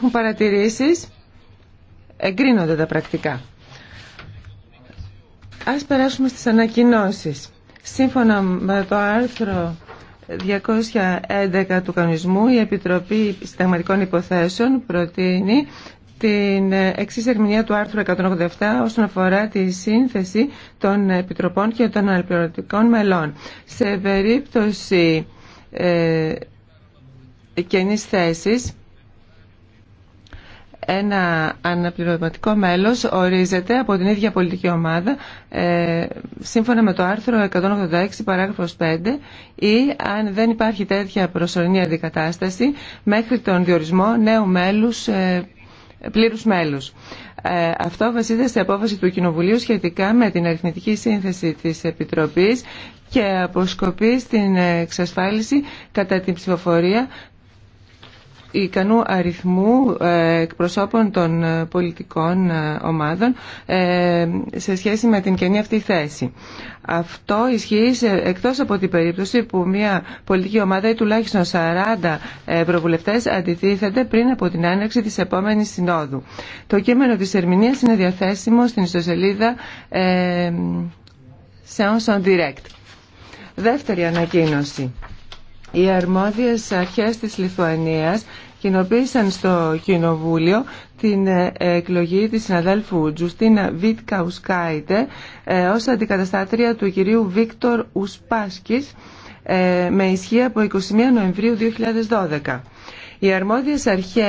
Έχουν παρατηρήσεις. Εγκρίνονται τα πρακτικά. Ας περάσουμε στις ανακοινώσεις. Σύμφωνα με το άρθρο 211 του κανονισμού, η Επιτροπή Συνταγματικών Υποθέσεων προτείνει την εξή ερμηνεία του άρθρου 187 όσον αφορά τη σύνθεση των επιτροπών και των αναπληρωτικών μελών. Σε περίπτωση ε, θέση ένα αναπληρωματικό μέλος ορίζεται από την ίδια πολιτική ομάδα ε, σύμφωνα με το άρθρο 186 παράγραφος 5 ή αν δεν υπάρχει τέτοια προσωρινή αντικατάσταση μέχρι τον διορισμό νέου μέλους ε, πλήρους μέλους. Ε, αυτό βασίζεται σε απόφαση του Κοινοβουλίου σχετικά με την αριθμητική σύνθεση της Επιτροπής και αποσκοπεί στην εξασφάλιση κατά την ψηφοφορία ικανού αριθμού ε, εκπροσώπων των ε, πολιτικών ε, ομάδων σε σχέση με την καινή αυτή θέση. Αυτό ισχύει σε, εκτός από την περίπτωση που μια πολιτική ομάδα ή τουλάχιστον 40 προβουλευτές αντιτίθεται πριν από την άνοιξη της επόμενης συνόδου. Το κείμενο της ερμηνείας είναι διαθέσιμο στην ιστοσελίδα ε, Seance on Direct. Δεύτερη ανακοίνωση. Οι αρμόδιες αρχές της Λιθουανίας κοινοποίησαν στο Κοινοβούλιο την ε, εκλογή της συναδέλφου Τζουστίνα Βίτκα Ουσκάιτε ε, ως αντικαταστάτρια του κυρίου Βίκτορ Ουσπάσκης ε, με ισχύ από 21 Νοεμβρίου 2012. Οι αρμόδιες αρχές